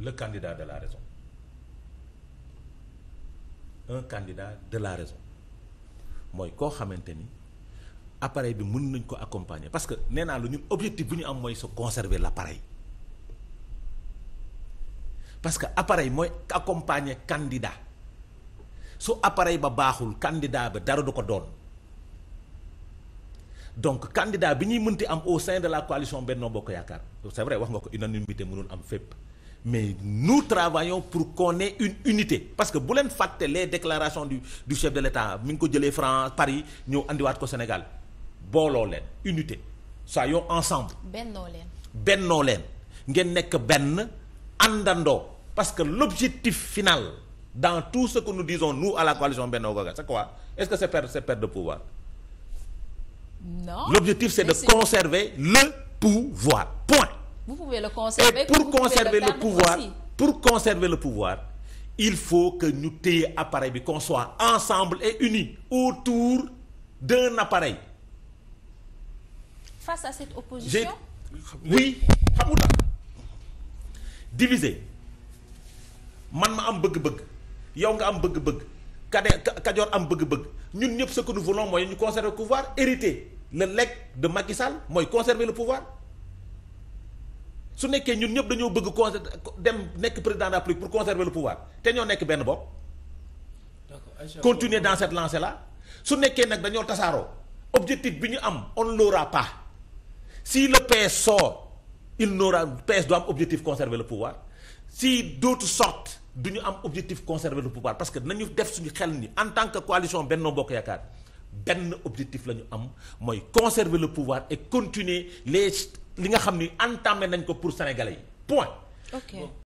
le candidat de la raison un candidat de la raison mooy koo xamante ni appareil bi mën nañ ko accompagner parce que nee naa la ñun objectif bu ñu am mooy se conserver la appareil parce que appareil mooy accompagner candidat su appareil ba baaxul candidat ba dara du ko doon donc candidat bi ñuy mënti am au de la coalition Benno Bokk Yaakaar c'est wax nga ko unanimité mënul am fépp. mais nous travaillons pour qu'on ait une unité parce que bu leen fàtte les déclarations du du chef de l'État mi ngi ko jëlee France Paris ñëw indiwaat ko Sénégal booloo leen unité soyons ensemble. bennoo leen bennoo leen ngeen nekk benn àndandoo parce que l'objectif final dans tout ce que nous disons nous à la coalition Benno Bokk c'est quoi est-ce que c'est perdre de pouvoir. non l'objectif c'est de conserver le pouvoir Vous pouvez le conserver. Et pour vous conserver le, pouvoir, pour conserver le pouvoir, il faut que ñu téye appareil bi qu'on soit ensemble et unis autour d'un appareil. Face à cette opposition. xam nga divisé man ma am bëgg-bëgg yow nga am bëgg-bëgg Kade Kajoor am bëgg-bëgg ñun ñëpp ce que nous voulons mooy ñu conserver le pouvoir hériter le legs de Macky mooy conserver la pouvoir. su nekkee ñun ñëpp dañoo bëgg con dem nekk président de la République pour conserver le pouvoir te ñoo nekk benn bopp. continuer dans cette lancée là su nekkee nag dañoo tasaaroo objectif bi ñu am on l'aura pas si le PS sort il n'aura PS doit am objectif conserver le pouvoir si d'autres sortent du ñu am objectif conserver le pouvoir parce que nañu def suñu xel ni en tant que coalition Benno Bokk Yaakaar benn objectif la ñu am mooy conserver le pouvoir et continuer les li nga xam ni entamé nañ ko pour sénégalais yi point. ok